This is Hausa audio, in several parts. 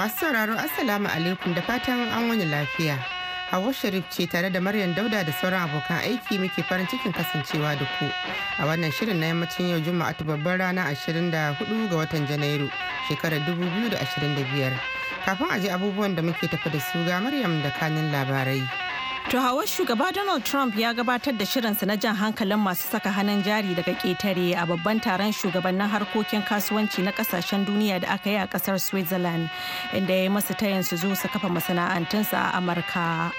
Masu sauraro Assalamu alaikum da fatan an wani lafiya. Hawa Sharif ce tare da Maryam Dauda da sauran abokan aiki muke farin cikin kasancewa da ku a wannan shirin na yammacin yau Juma'a ta babbar rana 24 ga watan Janairu shekarar 2025. Kafin a ji abubuwan da muke tafi da su ga Maryam da kanin labarai. To hawa shugaba Donald Trump ya gabatar da shirinsa na jan hankalin masu saka hannun jari daga ƙetare a babban taron shugabannin harkokin kasuwanci na kasashen duniya da aka yi a ƙasar Switzerland inda ya yi masu tayin su zo su kafa masana'antunsa a Amurka.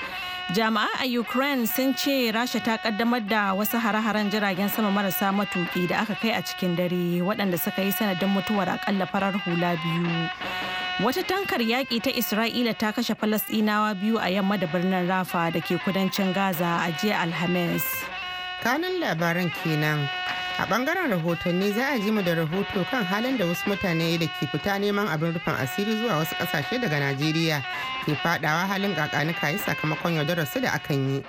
jama'a a ukraine sun ce rasha ta kaddamar da wasu hare-haren jiragen sama marasa matuki da aka kai a cikin dare waɗanda suka yi sanadin mutuwar akalla farar hula biyu wata tankar yaƙi ta isra'ila ta kashe falasɗinawa biyu a yamma da birnin rafa da ke kudancin gaza a jiya alhamis kanan labaran kenan a bangaren rahotanni za a ji mu da rahoto kan halin da wasu mutane da ke fita neman abin rufin asiri zuwa wasu kasashe daga najeriya ke fadawa halin kakanika yi sakamakon yaudarar su da akan yi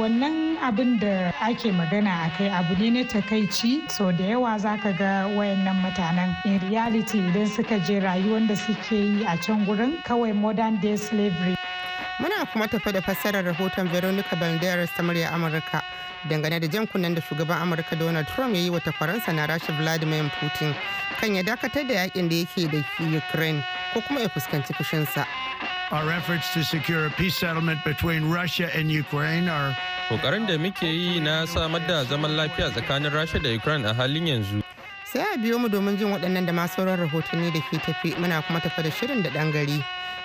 wannan abin da ake magana a kai abu ne na takaici sau da yawa za ka ga wayannan mutanen in reality idan suka je rayuwar da suke yi a can gurin kawai modern day slavery muna kuma tafi da fassarar rahoton veronica banderas ta murya amurka dangane da jan kunnen da shugaban amurka donald trump ya yi wata faransa na rasha vladimir putin kan ya dakatar da yakin da yake da ukraine ko kuma ya fuskanci fushinsa Our efforts to secure a peace settlement between Russia and Ukraine are Kokarin da muke yi na samar da zaman lafiya tsakanin Rasha da Ukraine a halin yanzu. Sai a biyo mu domin jin waɗannan da masu sauran rahotanni da ke tafi muna kuma tafa da shirin da ɗan gari.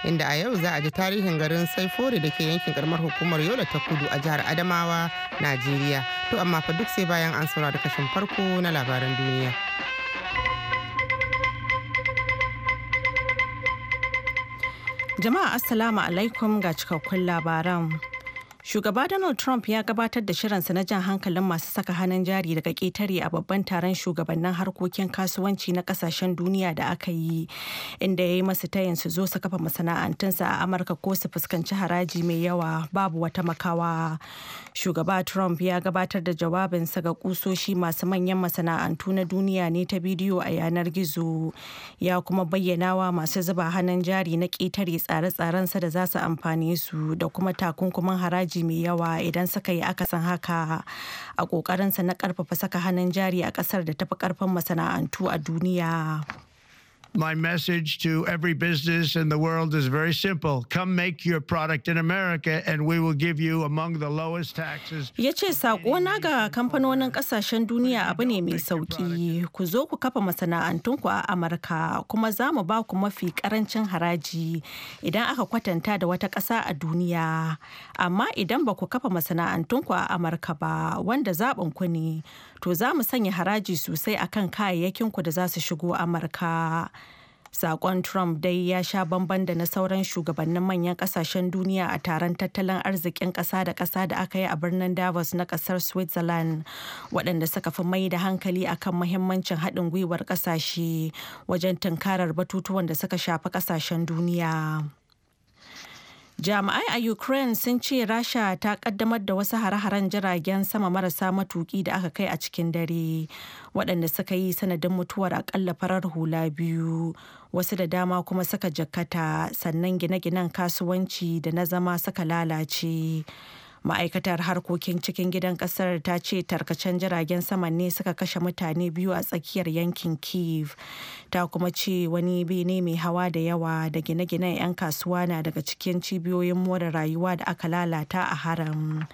inda a yau za a ji tarihin garin saifore da ke yankin karamar hukumar yola ta kudu a jihar adamawa najeriya to amma fa duk sai bayan an saura da kashin farko na labaran duniya jama'a assalamu alaikum ga cikakkun labaran Shugaba Donald Trump ya gabatar da shirinsa na jan hankalin masu saka hannun jari daga ƙetare a babban taron shugabannin harkokin kasuwanci na ƙasashen duniya da aka yi, inda ya yi masu tayin su zo su kafa masana'antunsa a Amurka ko su fuskanci haraji mai yawa babu wata makawa. Shugaba Trump ya gabatar da jawabinsa ga kusoshi masu manyan masana'antu na duniya ne ta bidiyo a yanar gizo. Ya kuma bayyana wa masu zuba hannun jari na ƙetare tsare-tsarensa da za su amfane su da kuma takunkumin haraji haraji mai yawa idan suka yi akasin haka a ƙoƙarinsa na karfafa saka hannun jari a kasar da tafi karfin masana'antu a duniya. my message to every business in the world is very simple. Come make your product in America and we will give you among the lowest taxes. Ya ce sako na ga kamfanonin kasashen duniya abu ne mai sauki. Ku zo ku kafa masana'antunku a Amurka kuma za mu ba ku mafi karancin haraji idan aka kwatanta da wata ƙasa a duniya. Amma idan ba ku kafa masana'antunku a Amurka ba wanda zaɓin ku ne. to za mu sanya haraji sosai a akan ku da za su shigo amurka Sakon Trump dai ya sha bamban da na sauran shugabannin manyan kasashen duniya a taron tattalin arzikin ƙasa da ƙasa da aka yi a birnin Davos na ƙasar Switzerland, waɗanda suka fi mai da hankali akan mahimmancin haɗin gwiwar ƙasashe wajen tunkarar batutuwan da suka shafi ƙasashen duniya. Jami'ai a Ukraine sun ce Rasha ta kaddamar da wasu hare-haren jiragen sama marasa matuki da aka kai a cikin dare, waɗanda suka yi sanadin mutuwar akalla farar hula biyu, wasu da dama kuma suka jakkata sannan gine-ginen kasuwanci da na zama suka lalace. ma'aikatar harkokin cikin gidan kasar ta ce tarkacen jiragen saman ne suka kashe mutane biyu a tsakiyar yankin kiev ta kuma ce wani bene mai hawa da yawa da gine-ginen 'yan kasuwa na daga cikin cibiyoyin more rayuwa da aka lalata a haram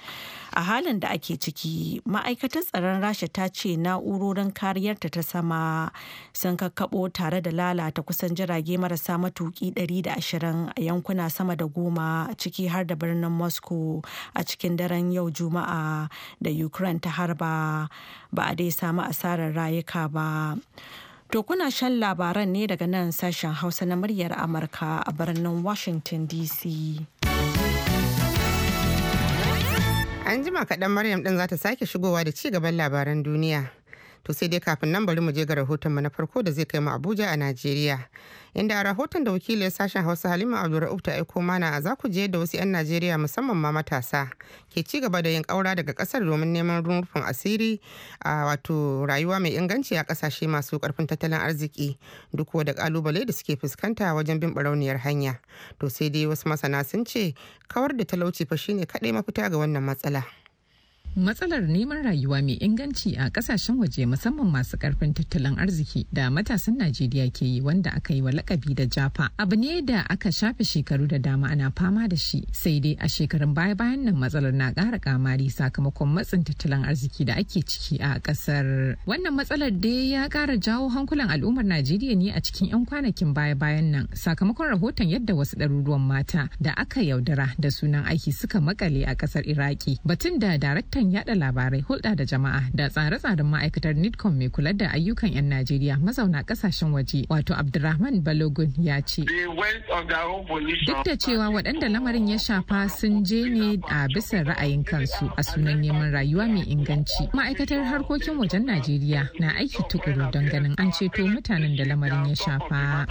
a halin da ake ciki ma'aikatar tsaron rasha ta ce na'urorin kariyarta ta sama sun kakkabo tare da lalata kusan jirage marasa matuki 120 a yankuna sama da goma ciki har da birnin moscow a cikin daren yau juma'a da ukraine ta harba ba a dai samu asarar rayuka ba to kuna shan labaran ne daga nan sashen hausa na muryar amurka a birnin washington dc An jima kaɗan Maryam ɗin za ta sake shigowa da ci gaban labaran duniya. To sai dai kafin nan bari mu je ga rahoton mu na farko da zai kai mu Abuja a Najeriya. Inda a rahoton da wakilin sashen Hausa Halima Abdulrauf ta aiko mana a zaku je da wasu 'yan Najeriya musamman ma matasa ke ci gaba da yin ƙaura daga kasar domin neman rufin asiri a wato rayuwa mai inganci a kasashe masu karfin tattalin arziki duk da kalubale da suke fuskanta wajen bin barauniyar hanya. To sai dai wasu masana sun ce kawar da talauci fa shine kaɗai mafita ga wannan matsala. matsalar neman rayuwa mai inganci a kasashen waje musamman masu karfin tattalin arziki da matasan najeriya ke yi wanda aka yi wa lakabi da jafa abu ne da aka shafe shekaru da dama ana fama da shi sai dai a shekarun baya bayan nan matsalar na ƙara kamari sakamakon matsin tattalin arziki da ake ciki a ƙasar wannan matsalar dai ya ƙara jawo hankulan al'ummar najeriya ne a cikin 'yan kwanakin baya bayan nan sakamakon rahoton yadda wasu ɗaruruwan mata da aka yaudara da sunan aiki suka makale a ƙasar iraki batun da daraktan sakataren yada labarai hulɗa da jama'a da tsare-tsaren ma'aikatar nidcom mai kula da ayyukan 'yan najeriya mazauna kasashen waje wato abdurrahman balogun ya ce duk da cewa waɗanda lamarin ya shafa sun je ne a bisa ra'ayin kansu a sunan neman rayuwa mai inganci ma'aikatar harkokin wajen najeriya na aiki tukuru don ganin an ceto mutanen da lamarin ya shafa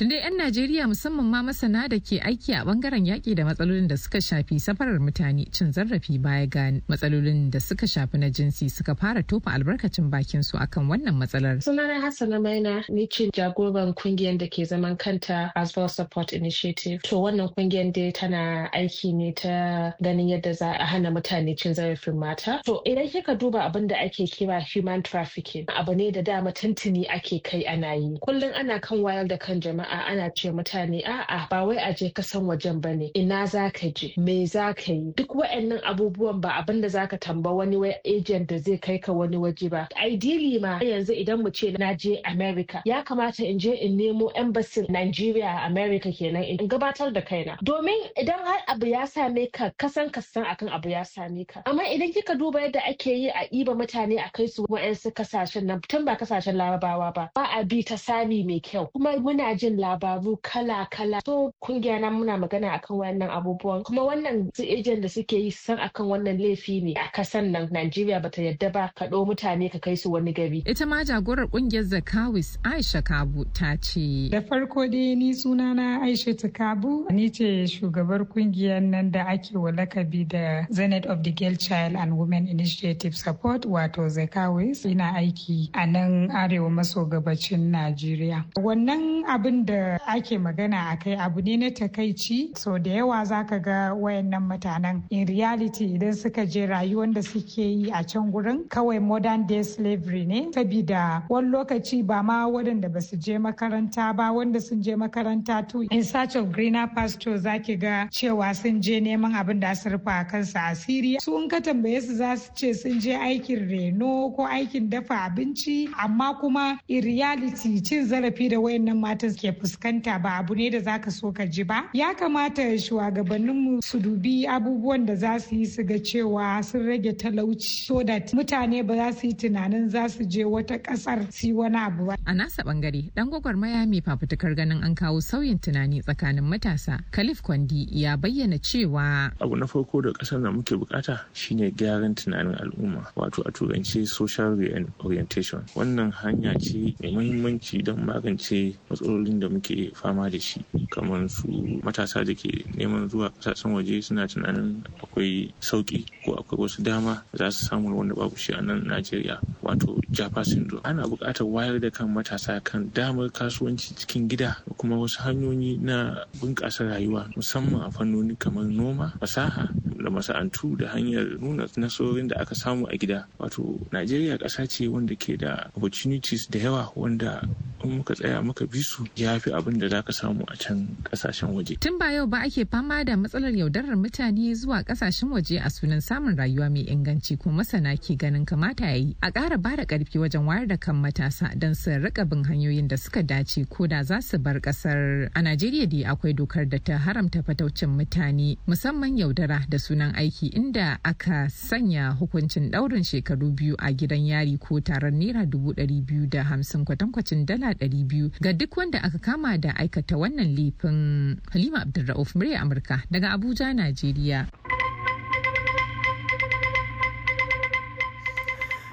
Tunda 'yan Najeriya musamman ma masana da ke aiki a bangaren yaƙi da matsalolin da suka shafi safarar mutane cin zarafi baya ga matsalolin da suka shafi na jinsi suka fara tofa albarkacin bakin su akan wannan matsalar. Sunana Hassana Maina ni ce jagoran kungiyar da ke zaman kanta well Support Initiative. To wannan kungiyar dai tana aiki ne ta ganin yadda za a hana mutane cin zarafin mata. To idan kika duba abin da ake kira human trafficking abu ne da dama tuntuni ake kai ana yi. Kullum ana kan wayar da kan jama'a ana ce mutane a'a ba wai a je kasan wajen bane ina za ka je me za ka yi duk duk wa'annan abubuwan ba abin da zaka tamba wani wai agent da zai kai ka wani waje ba ideally ma yanzu idan mu ce na je america ya kamata in je in nemo embassy nigeria a america kenan in gabatar da kaina domin idan har abu ya same ka kasan kasan akan abu ya same ka amma idan kika duba yadda ake yi a iba mutane a kai su wa'ansu kasashen nan tun ba kasashen larabawa ba ba a bi ta sami mai kyau kuma muna jin labaru kala kala so kungiya na muna magana akan wannan abubuwan kuma wannan su agent da su suke yi san akan wannan laifi ne a kasan nan Najeriya bata yadda ba ka ɗau mutane ka kai su wani gari. Ita ma jagorar ƙungiyar Zakawis Aisha Kabu ta ce. Da farko dai ni sunana Aisha Kabu ni ce shugabar kungiyar nan da ake wa lakabi da Zenith of the Girl Child and Women Initiative Support wato Zakawis ina aiki a nan arewa maso gabacin Najeriya. Wannan abin da ake magana a kai abu ne na takaici so da yawa za ka ga wayannan mutanen in reality idan suka je rayuwar da suke yi a can gurin kawai modern day slavery ne sabida wani lokaci ba ma waɗanda ba su je makaranta ba wanda sun je makaranta tu in search of greener pasture ki ga cewa sun je neman abin da su rufa kansa siriya su in ka tambaye su za su ce sun je aikin reno ko aikin dafa abinci amma kuma in reality cin zarafi da wayannan matan ke fuskanta ba abu ne da za ka so ka ji ba ya kamata shugabanninmu su dubi abubuwa abubuwan da za su yi su ga cewa sun rage talauci so that mutane ba za su yi tunanin za su je wata kasar su wani abu ba. A nasa bangare dan gwagwarmaya mai fafutukar ganin an kawo sauyin tunani tsakanin matasa Khalif Kwandi ya bayyana cewa. Abu na farko da ƙasar da muke bukata shine gyaran tunanin al'umma wato a turanci social orientation wannan hanya ce mai muhimmanci don magance matsalolin da muke fama da shi kamar su matasa da ke neman zuwa kasashen waje suna tunanin akwai sauki ko akwai wasu dama za su samu wanda babu shi a nan Najeriya wato Japa syndrome. Ana buƙatar wayar da kan matasa kan damar kasuwanci cikin gida da kuma wasu hanyoyi na bunƙasa rayuwa musamman a fannoni kamar noma, fasaha da masa'antu da hanyar nuna nasarorin da aka samu a gida. Wato Najeriya ƙasa ce wanda ke da opportunities da yawa wanda in muka tsaya muka bi su ya fi abin da za ka samu a can kasashen waje. Tun ba yau ba ake fama da matsalar yaudarar mutane zuwa kasashen waje a sunan samun rayuwa mai inganci ko masana ke ganin kamata ya yi a ƙara ba da ƙarfi wajen wayar da kan matasa don su rika bin hanyoyin da suka dace ko da za su bar ƙasar. A Najeriya dai akwai dokar da ta haramta fataucin mutane musamman yaudara da sunan aiki inda aka sanya hukuncin ɗaurin shekaru biyu a gidan yari ko taron naira dubu ɗari biyu da hamsin kwatankwacin dala naira ga duk wanda aka kama da aikata wannan laifin halima abdulra'uf murya amurka daga abuja najeriya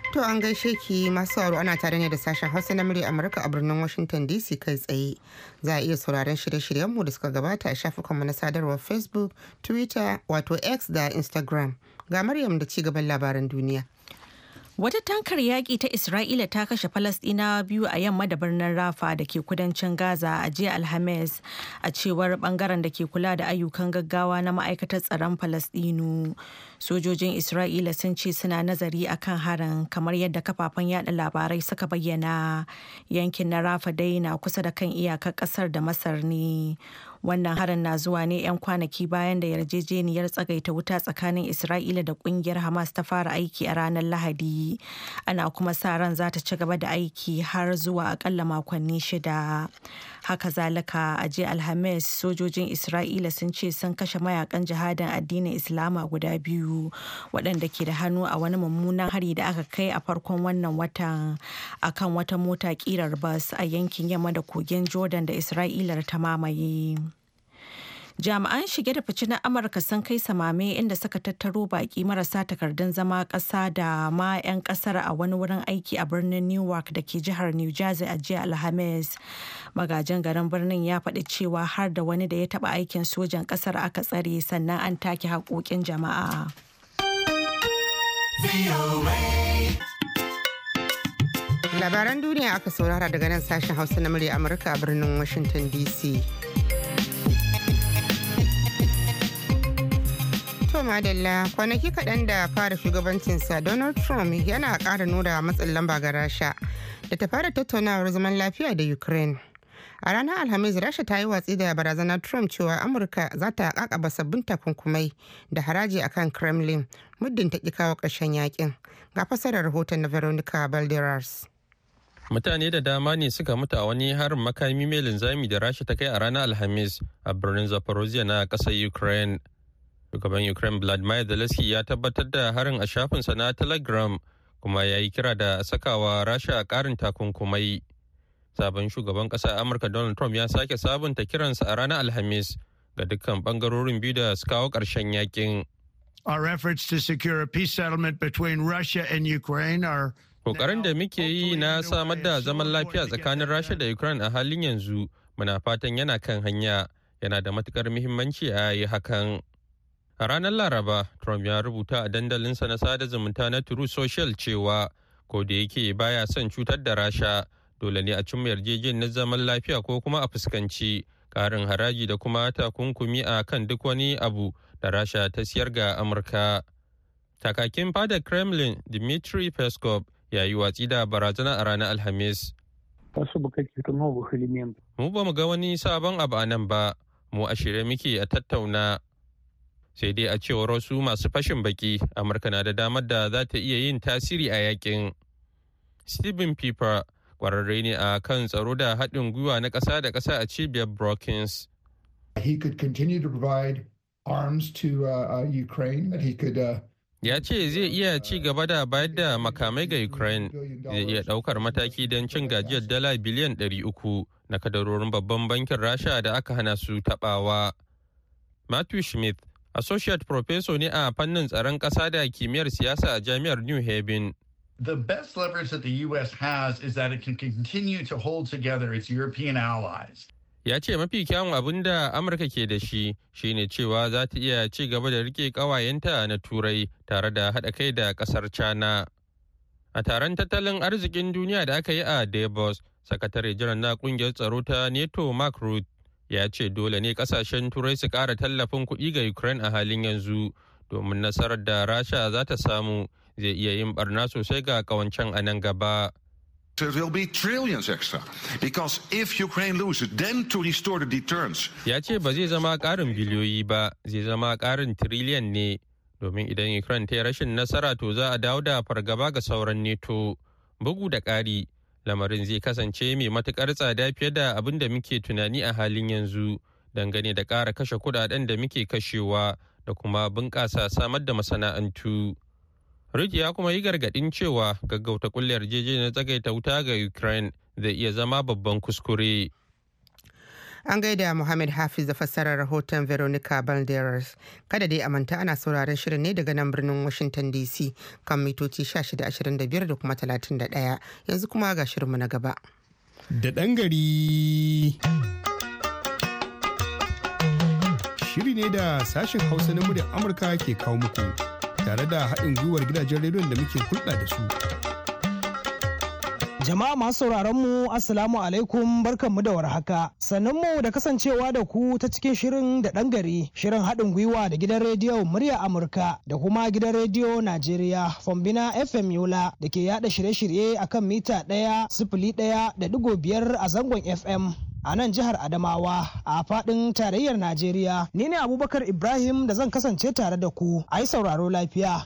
To an gaishe ki masu sauraro ana tare ne da sashen Hausa na murya Amurka a birnin Washington DC kai tsaye. Za a iya sauraron shirye-shiryenmu da suka gabata a shafukanmu na sadarwar Facebook, Twitter, wato X da Instagram. Ga Maryam da ci gaban labaran duniya. Wata tankar yaƙi ta Isra'ila ta kashe Falasɗinawa biyu a yamma da birnin Rafa da ke kudancin Gaza a jiya Alhamis a cewar bangaren da ke kula da ayyukan gaggawa na ma'aikatar tsaron Falasɗinu. Sojojin Isra'ila sun ce suna nazari a kan harin kamar yadda kafafen yaɗa labarai suka bayyana. Yankin na Rafa dai na kusa da kan iyakar ƙasar da Masar ne. Wannan harin na zuwa ne 'yan kwanaki bayan da yarjejeniyar tsagaita wuta tsakanin Isra'ila da kungiyar Hamas ta fara aiki a ranar Lahadi. Ana kuma sa ran za ta ci gaba da aiki har zuwa akalla makonni shida. haka zalika a jiya alhamis sojojin isra'ila sun ce sun kashe mayakan jihadin addinin islama guda biyu waɗanda ke da hannu a wani mummunan hari da aka kai a farkon wannan watan kan wata mota kirar bas a yankin yamma da kogin jordan da isra'ilar ta mamaye jami'an shige da fice na amurka sun kai samame inda suka tattaro baki marasa takardun zama kasa da ma 'yan ƙasar a wani wurin aiki a birnin newark da ke jihar new jersey a jiya alhamis magajin garin birnin ya faɗi cewa har da wani da ya taɓa aikin sojan kasar aka tsare sannan an take haƙoƙin jama'a labaran duniya aka saurara daga nan sashen hausa na murya amurka a birnin washington dc To madalla kwanaki kaɗan da fara shugabancinsa Donald Trump yana ƙara nuna matsin lamba ga Rasha da ta fara tattaunawar zaman lafiya da Ukraine. A ranar Alhamis, Rasha ta yi watsi da barazanar Trump cewa Amurka za ta kakaba sabbin takunkumai da haraji akan Kremlin muddin ta ƙi kawo ƙarshen yakin. Ga fasarar rahoton na Veronica Balderas. Mutane da dama ne suka mutu a wani harin makami mai linzami da Rasha ta kai a ranar Alhamis a birnin Zaporozhye na ƙasar Ukraine. Shugaban Ukraine Vladimir Zelensky ya tabbatar da harin a shafinsa na Telegram kuma ya yi kira da sakawa Rasha a karin takunkumai. Sabon shugaban ƙasar Amurka Donald Trump ya sake sabunta kiransa a ranar Alhamis ga dukkan bangarorin biyu da su kawo karshen yakin. Our efforts to secure a peace settlement between Russia and Ukraine are Kokarin da muke yi na samar da zaman lafiya tsakanin Rasha da Ukraine a halin yanzu muna fatan yana kan hanya yana da matukar muhimmanci a yi hakan. A ranar Laraba, Trump ya rubuta a dandalinsa na sada zumunta na True Social cewa ko yake baya son cutar da Rasha, dole ne a cimma na zaman lafiya ko kuma a fuskanci karin haraji da kuma takunkumi a kan duk wani abu da Rasha ta siyar ga Amurka. Takakin fada Kremlin Dmitry Peskov ya yi watsi da barazana a ranar Alhamis. Mu ba mu ga wani sabon abu a nan ba, mu a shirye muke a tattauna sai dai a cewar wasu masu fashin baki amurka na da damar da za ta iya yin tasiri a yakin stephen piper kwararre ne a kan tsaro da haɗin gwiwa na ƙasa da ƙasa a cibiyar brookings uh, uh, uh, ya ce zai iya ci gaba da bayar da makamai ga ukraine zai iya daukar mataki don cin gajiyar dala biliyan 300 na kadarorin babban bankin rasha da aka hana su tabawa matthew smith associate professor ne a fannin tsaron ƙasa da kimiyyar siyasa a jami'ar new haven the best leverage that the U.S. has is that it can continue to hold together its European allies. Ya ce mafi kyawun abin da Amurka ke da shi shine cewa za ta iya ci gaba da rike ƙawayenta na Turai tare da haɗa kai da ƙasar China. A taron tattalin arzikin duniya da aka yi a Davos, sakatare jiran na ƙungiyar tsaro ta NATO Mark Rutte ya ce dole ne kasashen turai su kara tallafin kuɗi ga ukraine a halin yanzu domin nasarar da rasha za ta samu zai iya yin barna sosai ga kawancen a nan gaba Ya ce ba zai zama ƙarin biliyoyi ba, zai zama ƙarin triliyan ne. Domin idan Ukraine ta yi rashin nasara to za a dawo da fargaba ga sauran neto. Bugu da ƙari, lamarin zai kasance mai matukar tsada fiye da abin da muke tunani a halin yanzu dangane da ƙara kashe kudaden da muke kashewa da kuma bunƙasa samar da masana'antu. Rik ya kuma yi gargaɗin cewa gaggauta jeje na tsagaita wuta ga Ukraine zai iya zama babban kuskure. An gaida Muhammad Hafiz da fassarar rahoton Veronica Balderas. Kada dai a manta ana sauraron shirin ne daga nan birnin Washington DC kan mitoci 1625 da kuma 31. Yanzu kuma ga shirinmu na gaba. Da ɗan gari. Shiri ne da sashen Hausa na muryar Amurka ke kawo muku tare da haɗin gwiwar gidajen rediyon da muke hulɗa da su. Jama'a masu sauraron mu Assalamu alaikum barkanmu da warhaka. Sannan mu da kasancewa da ku ta cikin shirin da ɗan gari, shirin haɗin gwiwa da gidan rediyo murya Amurka da kuma gidan rediyo Najeriya Fombina FM Yola da ke yada shirye-shirye akan mita ɗaya sifili ɗaya da digo biyar a zangon FM. a nan jihar Adamawa a faɗin tarayyar Najeriya. Ni ne Abubakar Ibrahim da zan kasance tare da ku. A yi sauraro lafiya.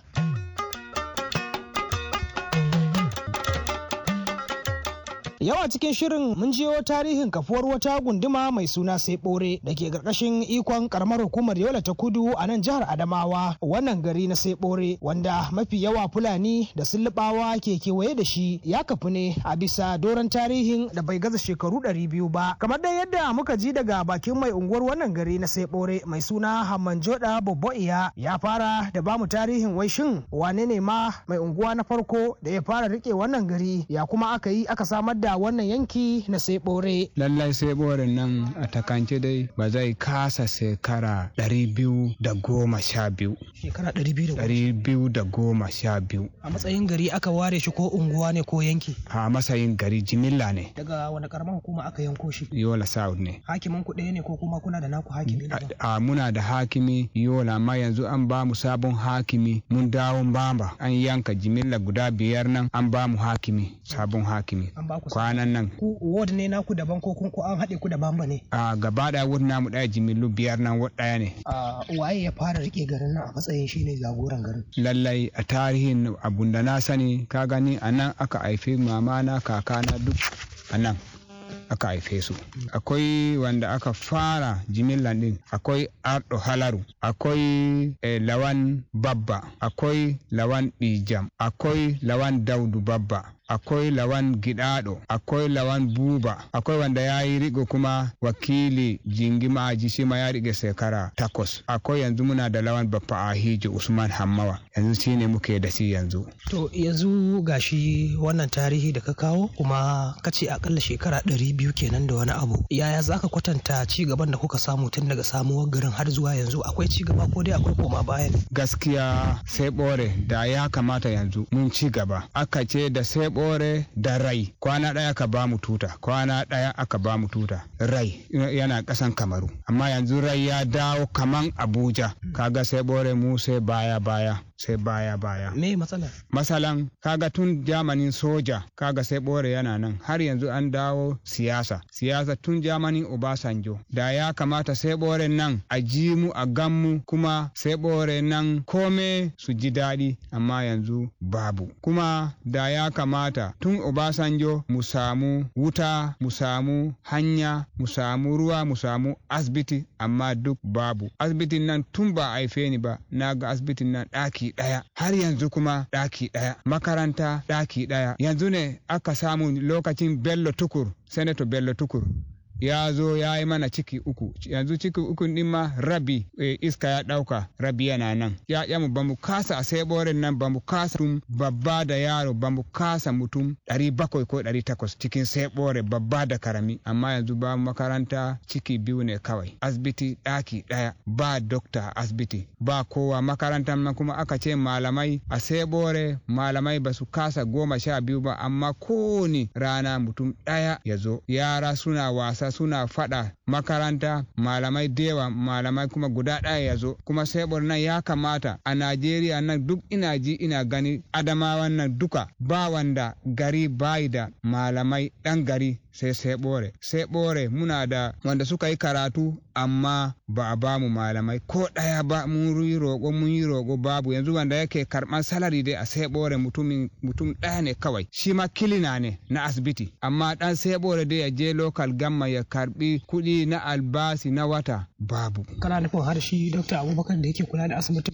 Yawa cikin shirin mun jiyo tarihin kafuwar wata gunduma mai suna sai bore da ke ƙarƙashin ikon karamar hukumar Yola ta Kudu a nan jihar Adamawa wannan gari na sai bore wanda mafi yawa Fulani da Sullubawa ke kewaye da shi ya kafu ne a bisa doron tarihin da bai gaza shekaru ɗari biyu ba. Kamar dai yadda muka ji daga bakin mai unguwar wannan gari na sai bore mai suna Hamman Joda iya ya fara da bamu tarihin wai shin wane ne ma mai unguwa na farko da ya fara rike wannan gari ya kuma aka yi aka samar da a wannan yanki na sebore lallai sebore nan a takance dai ba zai kasa shekara ɗari biyu da goma sha biyu shekara ɗari biyu da goma sha biyu a matsayin gari aka ware shi ko unguwa ne ko yanki a matsayin gari jimilla ne daga wani karamar hukuma aka yanko shi yola south ne hakimin ku ɗaya ne ko kuma kuna da naku hakimi a muna da hakimi yola amma yanzu an ba mu sabon hakimi mun dawo bamba an yanka jimilla guda biyar nan an ba mu hakimi sabon hakimi kwanan nan ku ward ne naku daban ko kun an haɗe ku daban ba ne a gaba da ward namu ɗaya jimillu biyar nan ward ɗaya ne a waye ya fara rike garin nan a matsayin shine jagoran garin lallai a tarihin abun da na sani ka gani a nan aka haife mama na kaka na duk a nan aka haife su akwai wanda aka fara jimillan ɗin akwai ardo halaru akwai eh, lawan babba akwai lawan bijam akwai lawan daudu babba akwai lawan gidado akwai lawan buba akwai wanda ya yi riko kuma wakili jingima aji shi ma ya rike shekara takwas akwai yanzu muna da lawan bappa ahijo usman hammawa yanzu shi ne muke da shi yanzu to yanzu gashi wannan tarihi da ka kawo kuma ka ce akalla shekara ɗari biyu kenan da wani abu yaya za ka kwatanta ci gaban da kuka samu tun daga samuwar garin har zuwa yanzu akwai ci gaba ko dai akwai koma bayan gaskiya sai bore da ya kamata yanzu mun ci gaba aka ce da sai bore da rai kwana ɗaya ka ba mu tuta kwana ɗaya aka ba mu tuta rai yana kasan kamaru amma yanzu rai ya dawo kaman abuja kaga sai bore mu sai baya baya sai baya baya me matsala masalan kaga tun jamanin soja kaga sai bore yana nan har yanzu an dawo siyasa siyasa tun jamanin obasanjo da ya kamata sai bore nan a ji mu a gan mu kuma sai bore nan kome su ji daɗi amma yanzu babu kuma da ya kamata tun obasanjo mu samu wuta mu samu hanya mu samu ruwa mu samu asibiti amma duk babu asibitin nan tun ba haife ni ba na ga asibitin nan ɗaki ɗaya har yanzu kuma ɗaki ɗaya makaranta ɗaki ɗaya yanzu ne aka samu lokacin bello tukur senator bello tukur ya zo ya yi mana ciki uku yanzu ciki uku din ma rabi e, iska ya ɗauka rabi yana nan ya ya mu bamu kasa sai boren nan bamu kasa tum babba da yaro bamu kasa mutum ɗari bakwai ko ɗari takwas cikin sai bore babba da karami amma yanzu ba makaranta ciki biyu ne kawai asibiti ɗaki ɗaya ba dokta asibiti ba kowa makarantar nan kuma aka ce malamai a sai malamai ba su kasa goma sha biyu ba amma kowane rana mutum ɗaya ya zo yara suna wasa suna faɗa makaranta malamai dewa malamai kuma guda ɗaya ya zo kuma sai nan ya kamata a najeriya nan duk ina ji ina gani adamawa nan duka ba wanda gari bayi da malamai dan gari sai sai bore sai bore muna da wanda suka yi karatu amma ba a bamu malamai ko ɗaya ba mun yi roƙo mun yi roƙo babu yanzu wanda yake karɓar salari dai a sai ɓore mutum ɗaya ne kawai shi ma kilina ne na asibiti amma ɗan sai ɓore dai ya je lokal gamma ya karɓi kuɗi na albasi na wata babu. Kana nufin har shi dokta Abubakar da yake kula da asibitin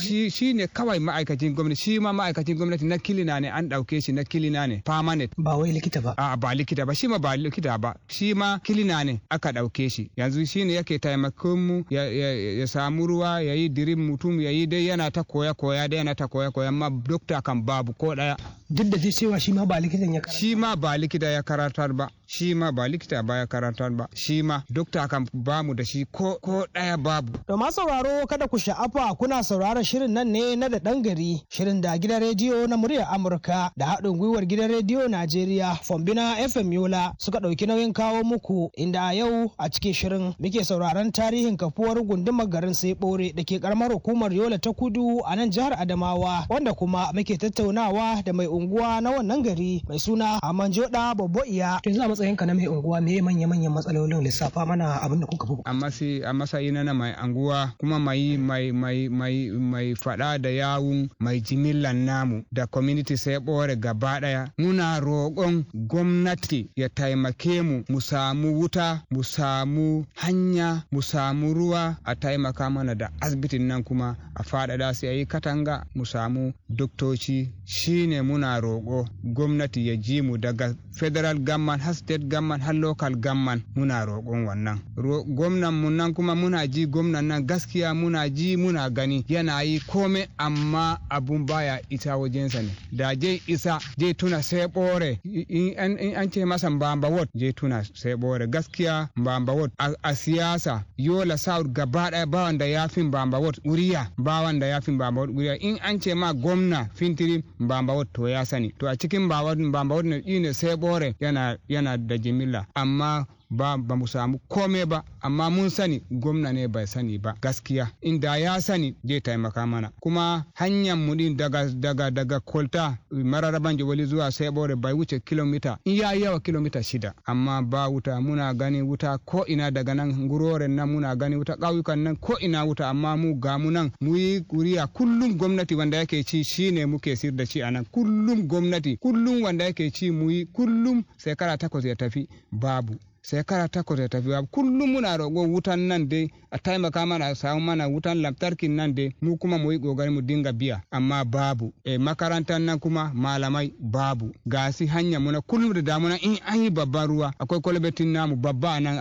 shi shi ne kawai ma'aikacin gwamnati shi ma ma'aikacin gwamnati na kilina ne an ɗauke shi na kilina ne permanent. Ba wai likita ba. A ba likita ba shi ma ba likita ba shi ma kilina ne aka ɗauke shi yanzu yanzu shine yake taimakon mu ya samu ruwa ya yi dirin mutum ya yi dai yana ta koya koya dai yana ta koya koya amma dokta kan babu ko daya duk da cewa shi ma ba likitan ya karanta shi ma ba likita ya karatar ba shi ma ba likita baya karanta ba shi ma dokta kan bamu da shi ko daya babu to ma sauraro kada ku sha'afa kuna sauraron shirin nan ne na da dan gari shirin da gidan rediyo na muryar Amurka da haɗin gwiwar gidan rediyo Najeriya Fombina FM Yola suka ɗauki nauyin kawo muku inda yau a cikin shirin muke sauraron tarihin kafuwar gundumar garin sai bore da ke karamar hukumar Yola ta Kudu a nan jihar Adamawa wanda kuma muke tattaunawa da mai unguwa na wannan gari mai suna Amanjoda Boboiya iya matsayinka na mai unguwa me manya manyan matsalolin lissafa mana abin da kuka fi amma sai a matsayi na mai unguwa kuma mai mai mai mai mai fada da yawun mai jimillan namu da community sai bore gaba daya muna roƙon gwamnati ya taimake mu mu samu wuta mu samu hanya mu samu ruwa a taimaka mana da asibitin nan kuma a faɗaɗa sai a yi katanga mu samu doktoci shine muna roƙo gwamnati ya ji mu daga federal government has state gamman har local gamman muna roƙon wannan gwamnan mu nan kuma muna ji gwamnan nan gaskiya muna ji muna gani yana yi kome amma abun baya isa wajensa ne da je isa je tuna sai bore in an ce masa mbamba ward je tuna sai bore gaskiya mbamba ward a siyasa yola south gaba daya ba wanda ya fi mbamba ward uriya ba wanda ya fi mbamba ward uriya in an ce ma gwamna fintiri mbamba ward to ya sani to a cikin mbamba ward ne sai bore yana yana da jimilla amma ba ba mu samu kome ba amma mun sani gwamna ne bai sani ba gaskiya inda ya sani zai taimaka mana kuma hanyar mu din daga daga daga kolta mararaban jawali zuwa sai bore bai wuce kilomita in ya yawa kilomita shida amma ba wuta muna gani wuta ko ina daga nan guroren nan muna gani wuta ƙauyukan nan ko ina wuta amma mu ga mu nan mu yi kuriya kullum gwamnati wanda yake ci shine muke sir da shi anan kullum gwamnati kullum wanda yake ci mu yi kullum shekara takwas ya tafi babu shekara takwas da tafiya kullum muna roƙo wutan nan dai a taimaka mana a samu mana wutan lantarkin nan dai mu kuma mu yi ƙoƙari mu dinga biya amma babu e makarantar nan kuma malamai babu gasi hanya muna kullum da damuna in an yi babban ruwa akwai kwalbatin namu babba nan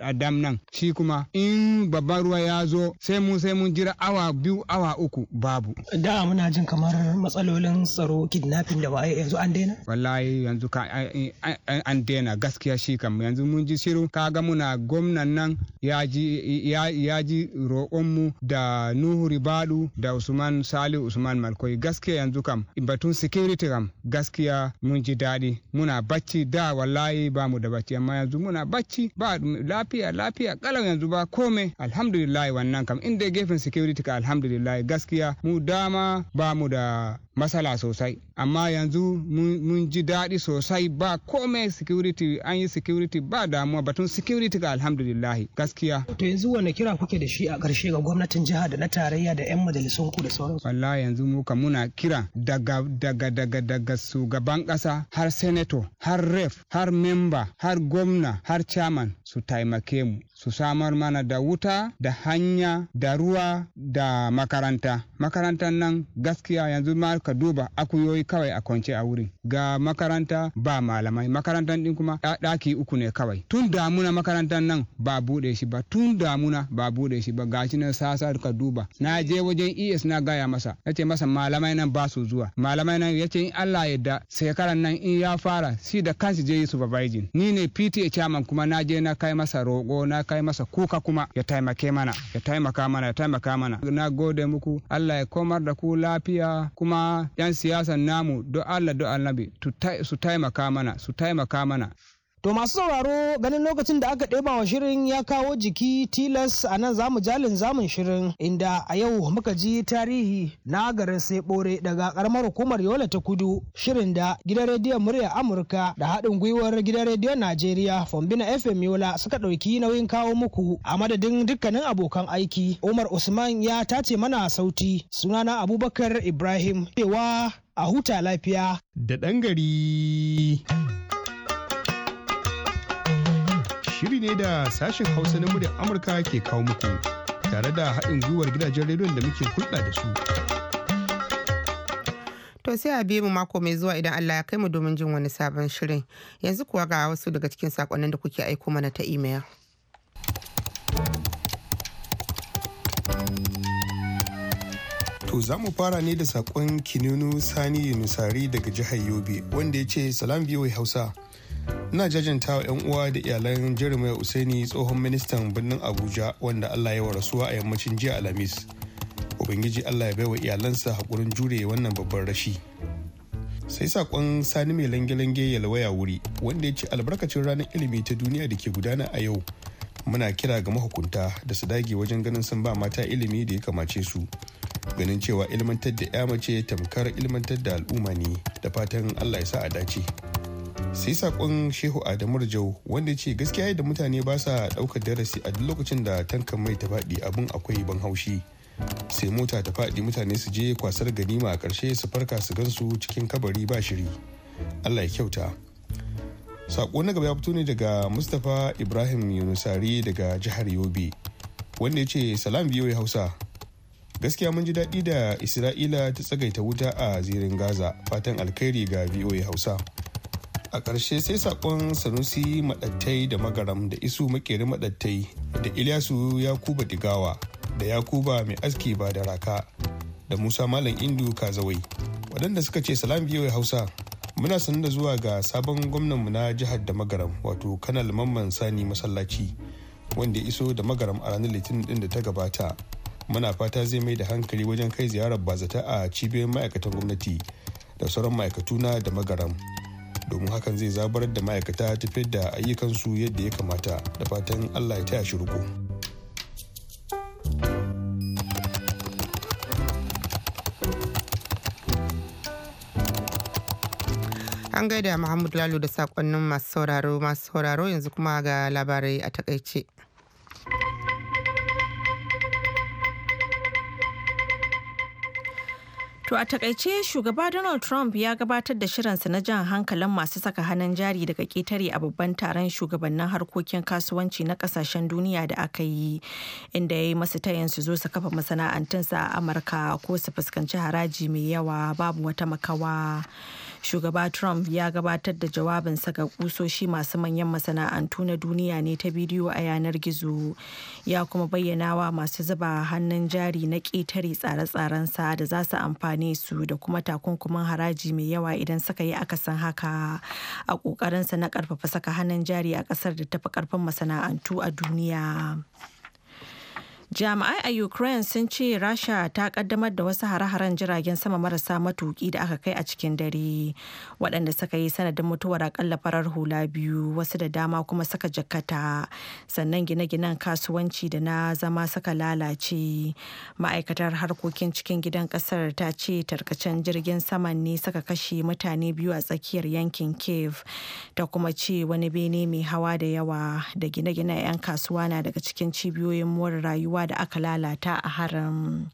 a dam nan shi kuma in babban ruwa ya zo sai mu sai mun jira awa biyu awa uku babu da muna jin kamar matsalolin tsaro kidnapping da waye yanzu an daina wallahi yanzu ka an daina gaskiya shi kam yanzu yanzu mun ji shiru kaga muna gwamnan nan ya ji roƙonmu da nuhu ribadu da usman sali usman malkoi gaskiya yanzu kam batun security kam gaskiya mun ji daɗi muna bacci da wallahi ba mu da bacci amma yanzu muna bacci ba lafiya lafiya kalau yanzu ba kome alhamdulillah wannan kam inda gefen security ka alhamdulillah gaskiya mu dama ba mu da matsala sosai amma yanzu mun ji daɗi sosai ba kome security an yi security ba damuwa batun security ga alhamdulillah gaskiya to yanzu wani kira kuke da shi a karshe ga gwamnatin jiha da na tarayya da 'yan majalisun ku da sauransu wallahi yanzu mu ka muna kira daga daga daga daga shugaban ƙasa har senator har ref har member har gwamna har chairman su taimake mu su samar mana da wuta da hanya da ruwa da makaranta makarantar nan gaskiya yanzu ma ka duba akuyoyi kawai a kwance a wurin ga makaranta ba malamai makarantar din kuma ɗaki uku ne kawai kawai tun damuna makarantar nan ba bude shi ba tun damuna ba bude shi ba gashi nan sasa ka duba na je wajen es na gaya masa nace masa malamai nan ba su zuwa malamai nan yace in Allah ya da shekaran nan in ya fara shi da kansu je yi supervising ni ne PTA caman kuma na je na kai masa roƙo na kai masa kuka kuma ya taimake mana ya taimaka mana ya taimaka mana na gode muku Allah ya komar da ku lafiya kuma yan siyasan namu do Allah do annabi su taimaka mana su taimaka mana To masu sauraro ganin lokacin da aka ɗeba wa shirin ya kawo jiki tilas a nan zamu jalin zamun shirin inda a yau muka ji tarihi na garin sai bore daga karamar hukumar Yola ta Kudu shirin da gidan rediyon murya Amurka da haɗin gwiwar gidan rediyon Najeriya Fombina FM Yola suka ɗauki nauyin kawo muku a madadin dukkanin abokan aiki. Umar Usman ya tace mana sauti sunana Abubakar Ibrahim cewa a huta lafiya. Da ɗan gari. shiri ne da sashen hausa na muryar amurka ke kawo muku tare da haɗin gwiwar gidajen rediyon da muke hulɗa da su to sai a biyu mako mai zuwa idan allah ya kai mu domin jin wani sabon shirin yanzu kuwa ga wasu daga cikin sakonnin da kuke aiko mana ta imel To za mu fara ne da saƙon Kinunu Sani Yunusari daga jihar Yobe wanda ya ce salam biyu Hausa. ina jajanta wa 'yan uwa da iyalan jeremiah usaini tsohon ministan birnin abuja wanda allah ya wa rasuwa a yammacin jiya alhamis ubangiji allah ya baiwa iyalansa haƙurin jure wannan babban rashi sai sakon sani mai lange-lange ya lawaya wuri wanda ya ce albarkacin ranar ilimi ta duniya da ke gudana a yau muna kira ga mahukunta da su dage wajen ganin sun ba mata ilimi da ya kamace su ganin cewa ilmantar da ya mace tamkar ilmantar da al'umma ne da fatan allah ya sa a dace sai sakon shehu adamu rajau wanda ce gaskiya yadda mutane ba sa daukar darasi a duk lokacin da tankan mai ta faɗi abin akwai ban haushi sai mota ta faɗi mutane su je kwasar ganima a ƙarshe su farka su gansu cikin kabari ba shiri allah ya kyauta sako na gaba ya fito ne daga mustapha ibrahim yunusari daga jihar yobe wanda ya ce salam biyo hausa gaskiya mun ji daɗi da isra'ila ta tsagaita wuta a zirin gaza fatan alkhairi ga voa hausa a ƙarshe sai saƙon sanusi maɗattai da magaram da isu makeri maɗattai da ilyasu yakuba digawa da yakuba mai aski ba da raka da musa malam indu kazawai waɗanda suka ce salam biyu hausa muna sanar da zuwa ga sabon gwamnanmu na jihar da magaram wato kanal mamman sani masallaci wanda ya iso da magaram a ranar litinin din da ta gabata muna fata zai mai da hankali wajen kai ziyarar bazata a cibiyar ma'aikatan gwamnati da sauran ma'aikatu na da magaram domin hakan zai zabarar da ma'aikata tafiyar da ayyukansu yadda ya kamata da fatan allah ya taya shi riko an gaida Muhammadu lalu da saƙonnin masu sauraro masu sauraro yanzu kuma ga labarai a takaice. To a takaice shugaba Donald Trump ya gabatar da shirinsa na jan hankalin masu saka hannun jari daga ƙetare a babban taron shugabannin harkokin kasuwanci na kasashen duniya da aka yi inda ya yi masu tayin su zo su kafa masana'antunsa a Amurka ko su fuskanci haraji mai yawa babu wata makawa. Shugaba Trump ya gabatar da jawabinsa ga kusoshi masu manyan masana'antu na duniya ne ta bidiyo a yanar gizo ya kuma bayyana wa masu zuba hannun jari na ƙetare tsare-tsarensa da za su amfani amfane su da kuma takunkumin haraji mai yawa idan suka yi akasin haka a ƙoƙarinsa na karfafa saka hannun jari a ƙasar da tafi ƙarfin masana'antu a duniya. jami'ai a ukraine sun ce rasha ta kaddamar da wasu hare-haren jiragen sama marasa matuki da aka kai a cikin dare waɗanda suka yi sanadin mutuwar akalla farar hula biyu wasu da dama kuma suka jakata sannan gine-ginen kasuwanci da na zama suka lalace ma'aikatar harkokin cikin gidan ƙasar ta ce tarkacen jirgin saman ne suka kashe mutane biyu a tsakiyar yankin kiev ta kuma ce wani bene mai hawa da yawa da gine-ginen 'yan kasuwa na daga cikin cibiyoyin more rayuwa da aka lalata a harin.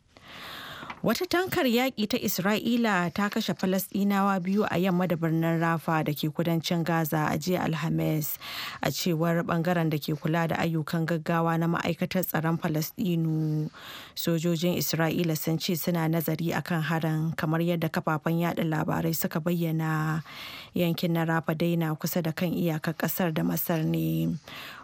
Wata tankar yaƙi ta Isra'ila ta kashe Falasɗinawa biyu a yamma da birnin Rafa da ke kudancin Gaza a jiya Alhamis, a cewar bangaren da ke kula da ayyukan gaggawa na ma'aikatar tsaron Falasɗinu. Sojojin Isra'ila sun ce suna nazari akan harin kamar yadda kafafen yada labarai suka bayyana yankin na Rafa daina kusa da kan iyakar ƙasar da Masar ne.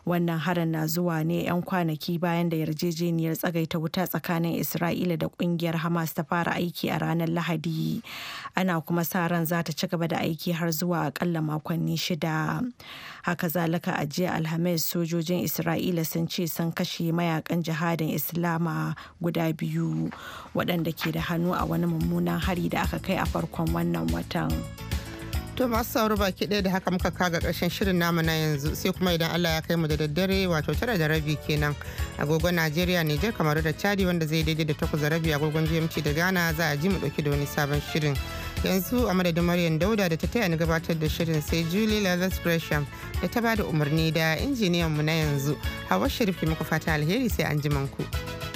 wannan harin na zuwa ne 'yan kwanaki bayan da yarjejeniyar tsagaita wuta tsakanin isra'ila da kungiyar hamas ta fara aiki a ranar lahadi ana kuma sa ran za ta ci gaba da aiki har zuwa akalla makonni shida haka zalika a jiya alhamis sojojin isra'ila sun ce sun kashe mayakan jihadin islama guda biyu waɗanda ke da hannu a wani mummunan hari da aka kai a farkon wannan watan. To masu sauro baki ɗaya da haka muka kaga ƙarshen shirin namu na yanzu sai kuma idan Allah ya kai mu da daddare wato tara da rabi kenan agogon Najeriya Nijar kamar da Chadi wanda zai daidai da takwas da rabi agogon GMT da Ghana za a ji mu ɗauki da wani sabon shirin. Yanzu a madadin Maryam Dauda da ta taya ni gabatar da shirin sai Julie Lazarus Gresham da ta bada umarni da injiniyan mu na yanzu Hawa Sharifi muka fata alheri sai an ji ku.